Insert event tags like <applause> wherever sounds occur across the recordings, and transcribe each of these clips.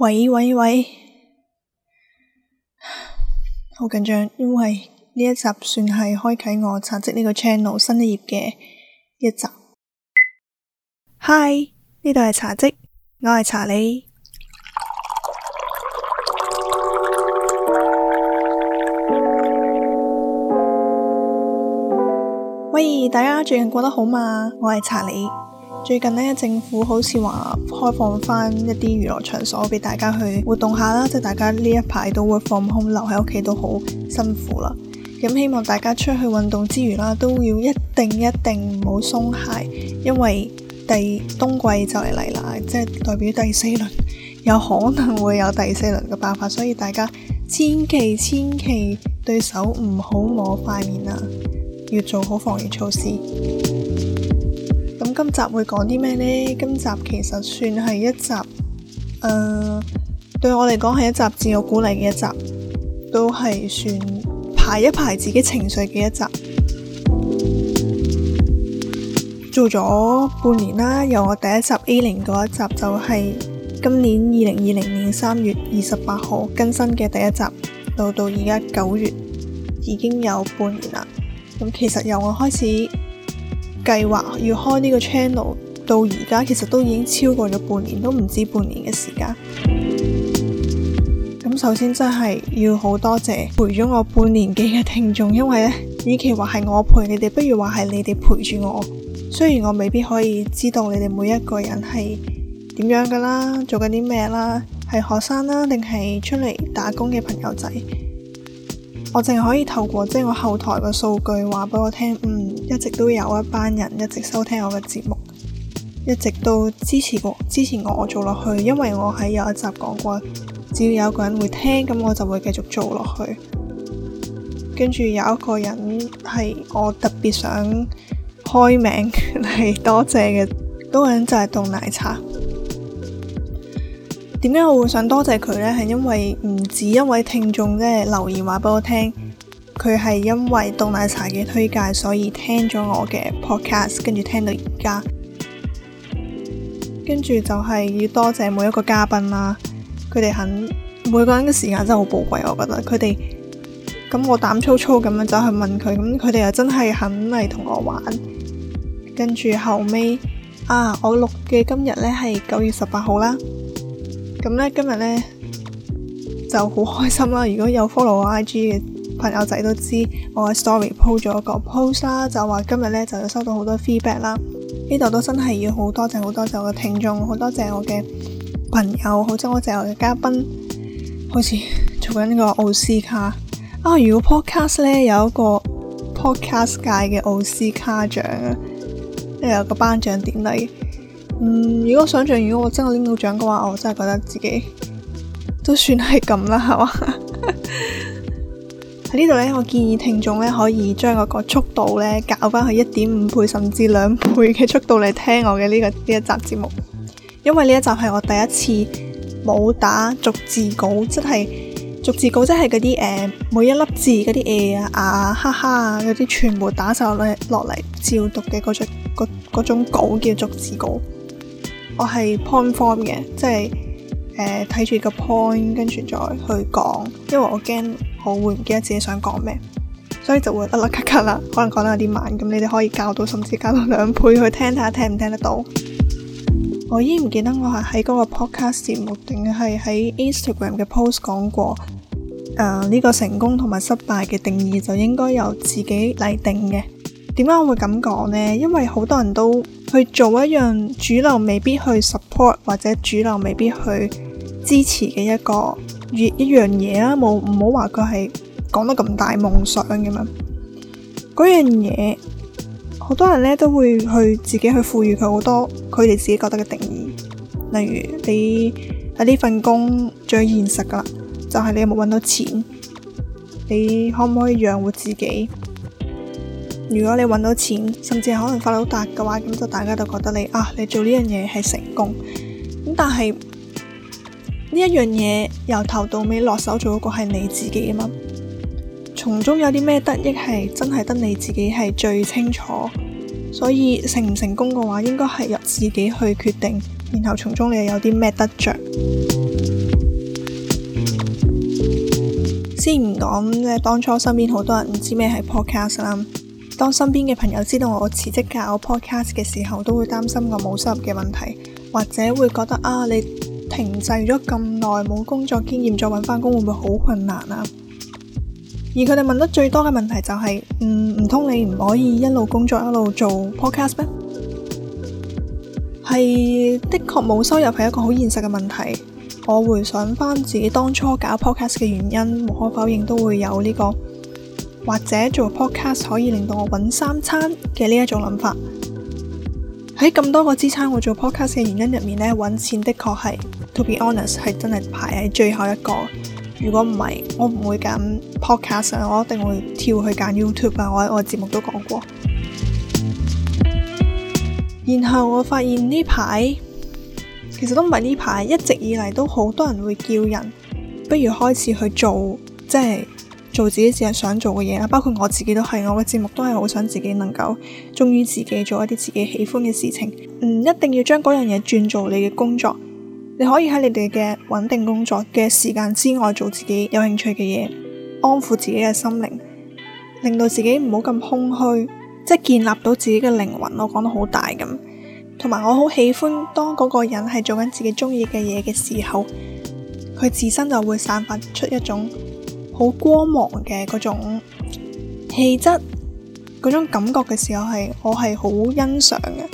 喂喂喂，好緊張，因為呢一集算係開啟我茶漬呢、這個 channel 新一頁嘅一集。嗨，呢度係茶漬，我係查理。喂，大家最近過得好嘛？我係查理。最近呢，政府好似話開放翻一啲娛樂場所俾大家去活動下啦，即係大家呢一排都會放空，留喺屋企都好辛苦啦。咁希望大家出去運動之餘啦，都要一定一定唔好鬆懈，因為第冬季就嚟嚟啦，即係代表第四輪有可能會有第四輪嘅爆發，所以大家千祈千祈對手唔好摸塊面啊，要做好防疫措施。今集會講啲咩呢？今集其實算係一集，誒、呃，對我嚟講係一集自我鼓勵嘅一集，都係算排一排自己情緒嘅一集。做咗半年啦，由我第一集 A 零嗰一集，就係今年二零二零年三月二十八號更新嘅第一集，到到而家九月，已經有半年啦。咁其實由我開始。計劃要開呢個 channel 到而家，其實都已經超過咗半年，都唔止半年嘅時間。咁 <noise> 首先真係要好多謝陪咗我半年幾嘅聽眾，因為呢，與其話係我陪你哋，不如話係你哋陪住我。雖然我未必可以知道你哋每一個人係點樣噶啦，做緊啲咩啦，係學生啦，定係出嚟打工嘅朋友仔。我淨係可以透過即係我後台嘅數據話俾我聽。嗯，一直都有一班人一直收聽我嘅節目，一直都支持我，支持我，我做落去。因為我喺有一集講過，只要有一個人會聽，咁我就會繼續做落去。跟住有一個人係我特別想開名嚟 <laughs> 多謝嘅，嗰、那個人就係凍奶茶。點解我會想多謝佢呢？係因為唔止一位聽眾即係留言話俾我聽，佢係因為凍奶茶嘅推介，所以聽咗我嘅 podcast，跟住聽到而家。跟住就係要多謝每一個嘉賓啦，佢哋肯每個人嘅時間真係好寶貴，我覺得佢哋咁我膽粗粗咁樣走去問佢，咁佢哋又真係肯嚟同我玩。跟住後尾，啊，我錄嘅今日呢係九月十八號啦。咁咧，今日咧就好開心啦！如果有 follow 我 IG 嘅朋友仔都知，我喺 story po 咗個 post 啦，就話今日咧就有收到好多 feedback 啦。呢度都真係要好多謝好多謝我嘅聽眾，好多謝我嘅朋友，好多謝我嘅嘉賓，好似做緊呢個奧斯卡啊、哦！如果 podcast 咧有一個 podcast 界嘅奧斯卡獎，呢度有個頒獎典禮。嗯，如果想象，如果我真係拎到獎嘅話，我真係覺得自己都算係咁啦，係嘛？喺呢度呢，我建議聽眾呢可以將嗰個速度呢，搞翻去一點五倍，甚至兩倍嘅速度嚟聽我嘅呢、呢個呢一集節目，因為呢一集係我第一次冇打逐字稿，即係逐字稿，即係嗰啲誒每一粒字嗰啲誒啊,啊哈哈啊嗰啲全部打晒落嚟落嚟照讀嘅嗰種種稿叫逐字稿。我係 point form 嘅，即係誒睇住個 point 跟住再去講，因為我驚我會唔記得自己想講咩，所以就會甩甩咳咳啦，可能講得有啲慢，咁你哋可以較到，甚至較到兩倍去聽下聽唔聽得到。我已經唔記得我係喺嗰個 podcast 節目定係喺 Instagram 嘅 post 講過誒呢、呃這個成功同埋失敗嘅定義就應該由自己嚟定嘅。點解我會咁講呢？因為好多人都去做一樣主流未必去 support 或者主流未必去支持嘅一個一一樣嘢啦，冇唔好話佢係講得咁大夢想嘅嘛。嗰樣嘢，好多人咧都會去自己去賦予佢好多佢哋自己覺得嘅定義。例如你喺呢份工最現實噶啦，就係你有冇搵到錢，你可唔可以養活自己？如果你揾到錢，甚至可能發到達嘅話，咁就大家都覺得你啊，你做呢樣嘢係成功咁。但係呢一樣嘢由頭到尾落手做嗰個係你自己啊嘛，從中有啲咩得益係真係得你自己係最清楚。所以成唔成功嘅話，應該係由自己去決定，然後從中你又有啲咩得着？先唔講即當初身邊好多人唔知咩係 podcast 啦。當身邊嘅朋友知道我辭職搞 podcast 嘅時候，都會擔心我冇收入嘅問題，或者會覺得啊，你停滯咗咁耐冇工作經驗，再搵返工會唔會好困難啊？而佢哋問得最多嘅問題就係、是，唔唔通，你唔可以一路工作一路做 podcast 咩？係的確冇收入係一個好現實嘅問題。我回想返自己當初搞 podcast 嘅原因，無可否認都會有呢、這個。或者做 podcast 可以令到我揾三餐嘅呢一種諗法，喺、哎、咁多個支撐我做 podcast 嘅原因入面呢，揾錢的確係 to be honest 係真係排喺最後一個。如果唔係，我唔會揀 podcast，我一定會跳去揀 YouTube 啊。我我節目都講過，然後我發現呢排，其實都唔係呢排，一直以嚟都好多人會叫人，不如開始去做，即係。做自己自己想做嘅嘢啊！包括我自己都係，我嘅節目都係好想自己能夠忠於自己做一啲自己喜歡嘅事情。唔、嗯、一定要將嗰樣嘢轉做你嘅工作，你可以喺你哋嘅穩定工作嘅時間之外做自己有興趣嘅嘢，安撫自己嘅心靈，令到自己唔好咁空虛，即係建立到自己嘅靈魂。我講得好大咁，同埋我好喜歡當嗰個人係做緊自己中意嘅嘢嘅時候，佢自身就會散發出一種。好光芒嘅嗰種氣質，嗰種感覺嘅時候係我係好欣賞嘅。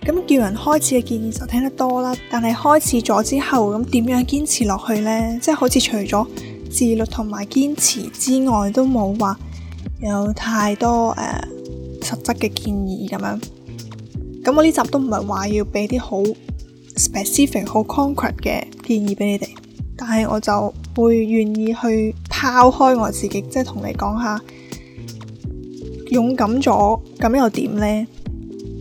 咁叫人開始嘅建議就聽得多啦，但係開始咗之後，咁點樣堅持落去呢？即係好似除咗自律同埋堅持之外，都冇話有，有太多誒、uh, 實質嘅建議咁樣。咁我呢集都唔係話要俾啲好 specific、好 concrete 嘅建議俾你哋，但係我就會願意去。拋開我自己，即係同你講下勇敢咗，咁又點呢？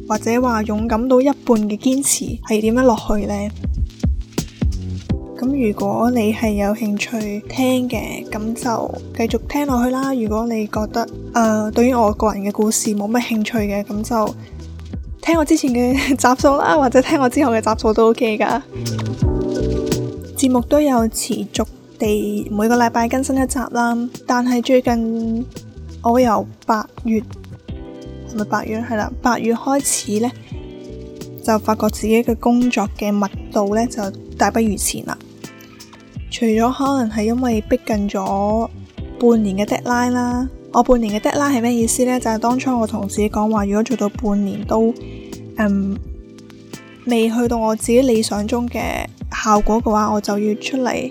或者話勇敢到一半嘅堅持係點樣落去呢？咁如果你係有興趣聽嘅，咁就繼續聽落去啦。如果你覺得誒、呃、對於我個人嘅故事冇乜興趣嘅，咁就聽我之前嘅集數啦，或者聽我之後嘅集數都 OK 噶。節目都有持續。哋每個禮拜更新一集啦，但係最近我由八月係咪八月係啦，八月開始呢，就發覺自己嘅工作嘅密度呢就大不如前啦。除咗可能係因為逼近咗半年嘅 deadline 啦，我半年嘅 deadline 係咩意思呢？就係、是、當初我同自己講話，如果做到半年都、嗯、未去到我自己理想中嘅效果嘅話，我就要出嚟。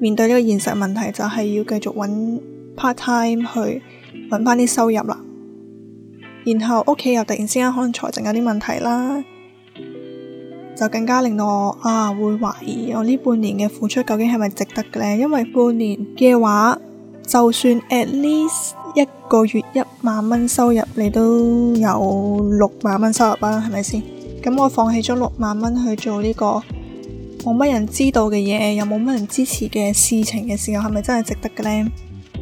面對呢個現實問題，就係、是、要繼續搵 part time 去搵翻啲收入啦。然後屋企又突然之間可能財政有啲問題啦，就更加令到我啊會懷疑我呢半年嘅付出究竟係咪值得嘅咧？因為半年嘅話，就算 at least 一個月一萬蚊收入，你都有六萬蚊收入啦，係咪先？咁我放棄咗六萬蚊去做呢、這個。冇乜人知道嘅嘢，又冇乜人支持嘅事情嘅時候，係咪真係值得嘅咧？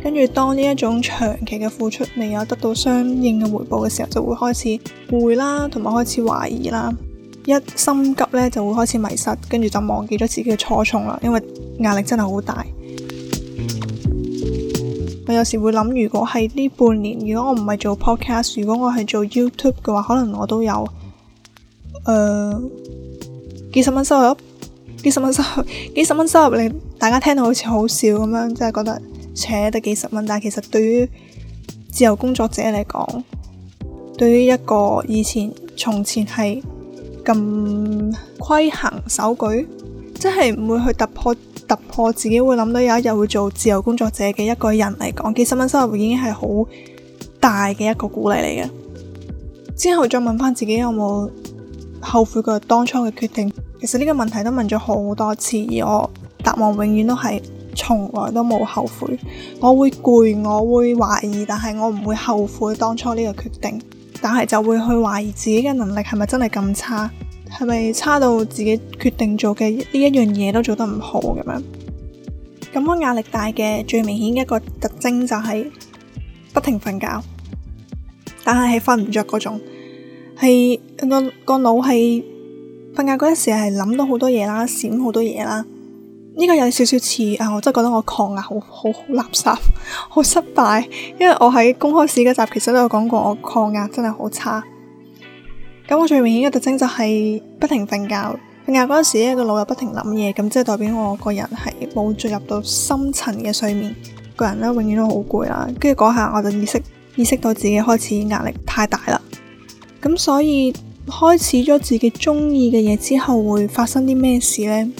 跟住當呢一種長期嘅付出未有得到相應嘅回報嘅時候，就會開始攰啦，同埋開始懷疑啦。一心急咧，就會開始迷失，跟住就忘記咗自己嘅初衷啦。因為壓力真係好大。我有時會諗，如果係呢半年，如果我唔係做 podcast，如果我係做 YouTube 嘅話，可能我都有誒、呃、幾十蚊收入。幾十蚊收入，幾十蚊收入，你大家聽到好似好少咁樣，即係覺得扯得幾十蚊，但係其實對於自由工作者嚟講，對於一個以前從前係咁規行守矩，即係唔會去突破突破自己，會諗到有一日會做自由工作者嘅一個人嚟講，幾十蚊收入已經係好大嘅一個鼓勵嚟嘅。之後再問翻自己有冇後悔過當初嘅決定？其實呢個問題都問咗好多次，而我答案永遠都係，從來都冇後悔。我會攰，我會懷疑，但係我唔會後悔當初呢個決定。但係就會去懷疑自己嘅能力係咪真係咁差，係咪差到自己決定做嘅呢一樣嘢都做得唔好咁樣。咁、咁、我、個、壓力大嘅最明顯嘅一個特徵就係不停瞓覺，但係係瞓唔着嗰種，係、個、個腦係。瞓覺嗰陣時係諗到好多嘢啦，閃好多嘢啦，呢、這個有少少似啊！我真係覺得我抗壓好好垃圾，好 <laughs> 失敗，因為我喺公開試嗰集其實都有講過，我抗壓真係好差。咁我最明顯嘅特徵就係不停瞓覺，瞓覺嗰陣時咧個腦又不停諗嘢，咁即係代表我個人係冇進入到深層嘅睡眠，個人咧永遠都好攰啦。跟住嗰下我就意識意識到自己開始壓力太大啦，咁所以。開始咗自己中意嘅嘢之後，會發生啲咩事呢？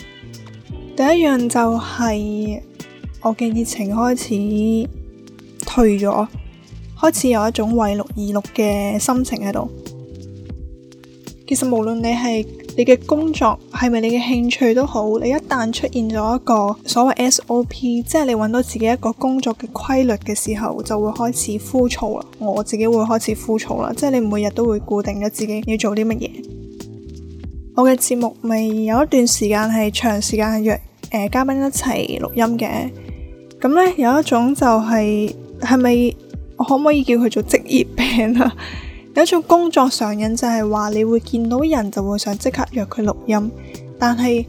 第一樣就係我嘅熱情開始退咗，開始有一種為錄而錄嘅心情喺度。其實無論你係。你嘅工作係咪你嘅興趣都好，你一旦出現咗一個所謂 SOP，即係你揾到自己一個工作嘅規律嘅時候，就會開始枯燥啦。我自己會開始枯燥啦，即係你每日都會固定咗自己要做啲乜嘢。我嘅節目咪有一段時間係長時間約誒、呃、嘉賓一齊錄音嘅，咁呢，有一種就係係咪我可唔可以叫佢做職業病啊？有一種工作上癮，就係話你會見到人就會想即刻約佢錄音，但係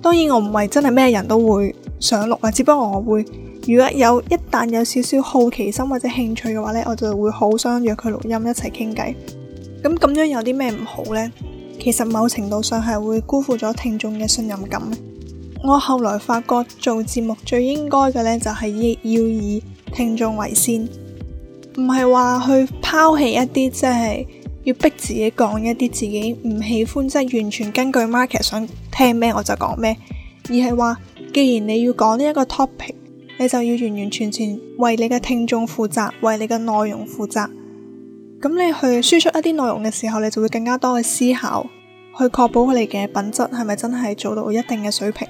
當然我唔係真係咩人都會想錄啊，只不過我會如果有一旦有少少好奇心或者興趣嘅話呢，我就會好想約佢錄音一齊傾偈。咁咁樣有啲咩唔好呢？其實某程度上係會辜負咗聽眾嘅信任感。我後來發覺做節目最應該嘅呢，就係要以聽眾為先。唔係話去拋棄一啲即係要逼自己講一啲自己唔喜歡，即係完全根據 market 想聽咩我就講咩，而係話既然你要講呢一個 topic，你就要完完全全為你嘅聽眾負責，為你嘅內容負責。咁你去輸出一啲內容嘅時候，你就會更加多去思考，去確保佢哋嘅品質係咪真係做到一定嘅水平。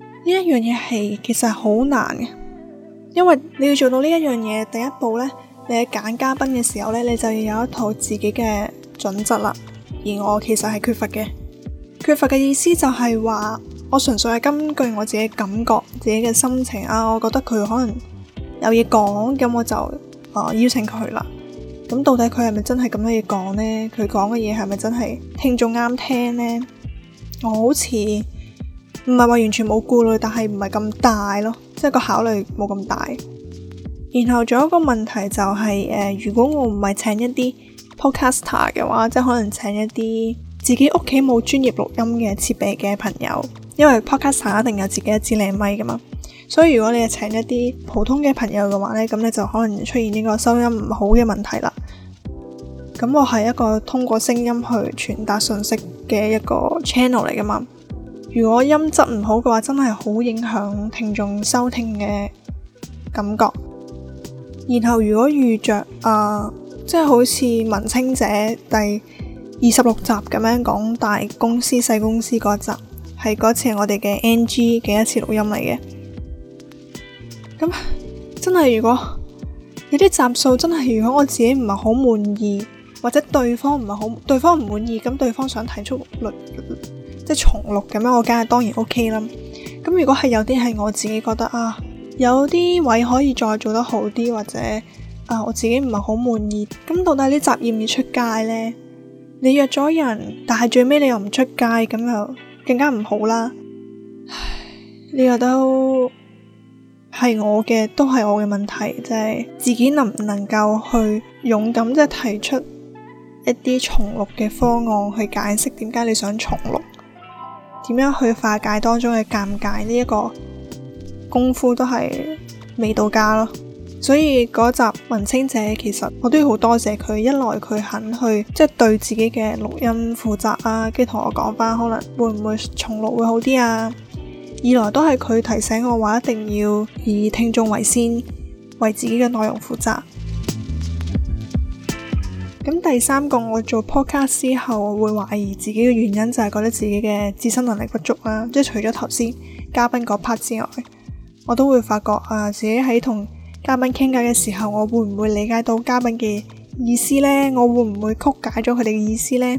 呢一樣嘢係其實好難嘅。因為你要做到呢一樣嘢，第一步呢，你喺揀嘉賓嘅時候呢，你就要有一套自己嘅準則啦。而我其實係缺乏嘅，缺乏嘅意思就係話，我純粹係根據我自己感覺、自己嘅心情啊，我覺得佢可能有嘢講，咁我就、啊、邀請佢啦。咁到底佢係咪真係咁多嘢講呢？佢講嘅嘢係咪真係聽眾啱聽呢？我好似。唔係話完全冇顧慮，但係唔係咁大咯，即係個考慮冇咁大。然後仲有一個問題就係、是，誒、呃，如果我唔係請一啲 podcaster 嘅話，即係可能請一啲自己屋企冇專業錄音嘅設備嘅朋友，因為 podcaster 一定有自己一支靚咪噶嘛。所以如果你係請一啲普通嘅朋友嘅話呢，咁你就可能出現呢個收音唔好嘅問題啦。咁我係一個通過聲音去傳達信息嘅一個 channel 嚟噶嘛。如果音質唔好嘅話，真係好影響聽眾收聽嘅感覺。然後如果遇着啊、呃，即係好似文清姐第二十六集咁樣講大公司細公司嗰集，係嗰次我哋嘅 NG 嘅一次錄音嚟嘅。咁真係，如果有啲集數真係，如果我自己唔係好滿意，或者對方唔係好，對方唔滿意，咁對方想提出律。律即係重錄咁樣，我梗係當然 OK 啦。咁如果係有啲係我自己覺得啊，有啲位可以再做得好啲，或者啊，我自己唔係好滿意，咁到底呢集要唔要出街呢？你約咗人，但係最尾你又唔出街，咁就更加唔好啦。唉，呢、呢個都係我嘅，都係我嘅問題，即係自己能唔能夠去勇敢即係提出一啲重錄嘅方案去解釋點解你想重錄。點樣去化解當中嘅尷尬呢？一個功夫都係未到家咯，所以嗰集《文清者》其實我都要好多謝佢，一來佢肯去即係、就是、對自己嘅錄音負責啊，跟住同我講翻可能會唔會重錄會好啲啊，二來都係佢提醒我話一定要以聽眾為先，為自己嘅內容負責。咁第三個我做 podcast 之後，我會懷疑自己嘅原因就係覺得自己嘅自身能力不足啦。即係除咗頭先嘉賓嗰 part 之外，我都會發覺啊，自己喺同嘉賓傾偈嘅時候，我會唔會理解到嘉賓嘅意思呢？我會唔會曲解咗佢哋嘅意思呢？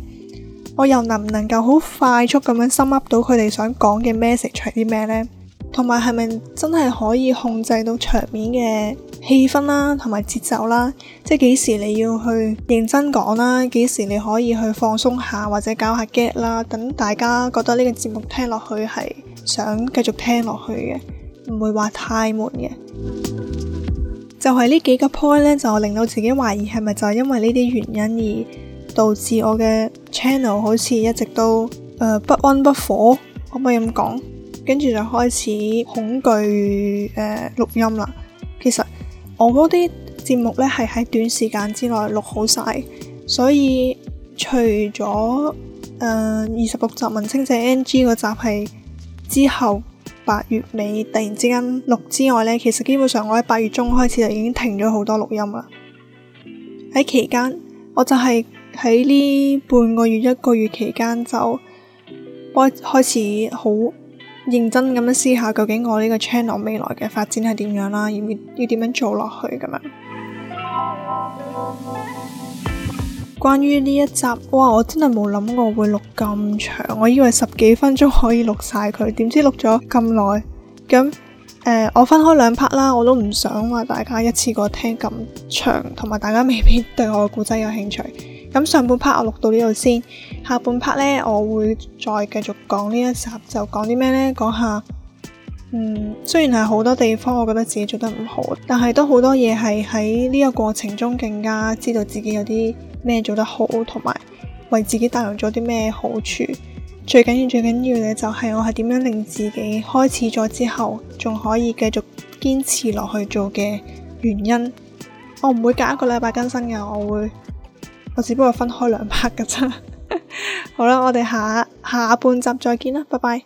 我又能唔能夠好快速咁樣 sum up 到佢哋想講嘅 message 係啲咩呢？同埋係咪真係可以控制到場面嘅氣氛啦，同埋節奏啦，即係幾時你要去認真講啦，幾時你可以去放鬆下，或者搞下 get 啦，等大家覺得呢個節目聽落去係想繼續聽落去嘅，唔會話太悶嘅。 <music> 就係呢幾個 point 呢，就令到自己懷疑係咪就係因為呢啲原因而導致我嘅 channel 好似一直都、呃、不溫不火，可唔可以咁講？跟住就開始恐懼誒、呃、錄音啦。我嗰啲節目咧，係喺短時間之內錄好晒，所以除咗誒二十六集文青姐 NG 嗰集係之後八月尾突然之間錄之外咧，其實基本上我喺八月中開始就已經停咗好多錄音啦。喺期間，我就係喺呢半個月一個月期間就開開始好。認真咁樣思考究竟我呢個 channel 未來嘅發展係點樣啦，要要點樣做落去咁樣。 <music> 關於呢一集，哇！我真係冇諗過會錄咁長，我以為十幾分鐘可以錄晒佢，點知錄咗咁耐。咁誒、呃，我分開兩 part 啦，我都唔想話大家一次過聽咁長，同埋大家未必對我嘅故仔有興趣。咁上半 part 我錄到呢度先，下半 part 呢，我會再繼續講呢一集，就講啲咩呢？講下，嗯，雖然係好多地方我覺得自己做得唔好，但係都好多嘢係喺呢個過程中更加知道自己有啲咩做得好，同埋為自己帶來咗啲咩好處。最緊要、最緊要嘅就係我係點樣令自己開始咗之後，仲可以繼續堅持落去做嘅原因。我唔會隔一個禮拜更新嘅，我會。我只不過分開兩拍嘅啫，好啦，我哋下下半集再見啦，拜拜。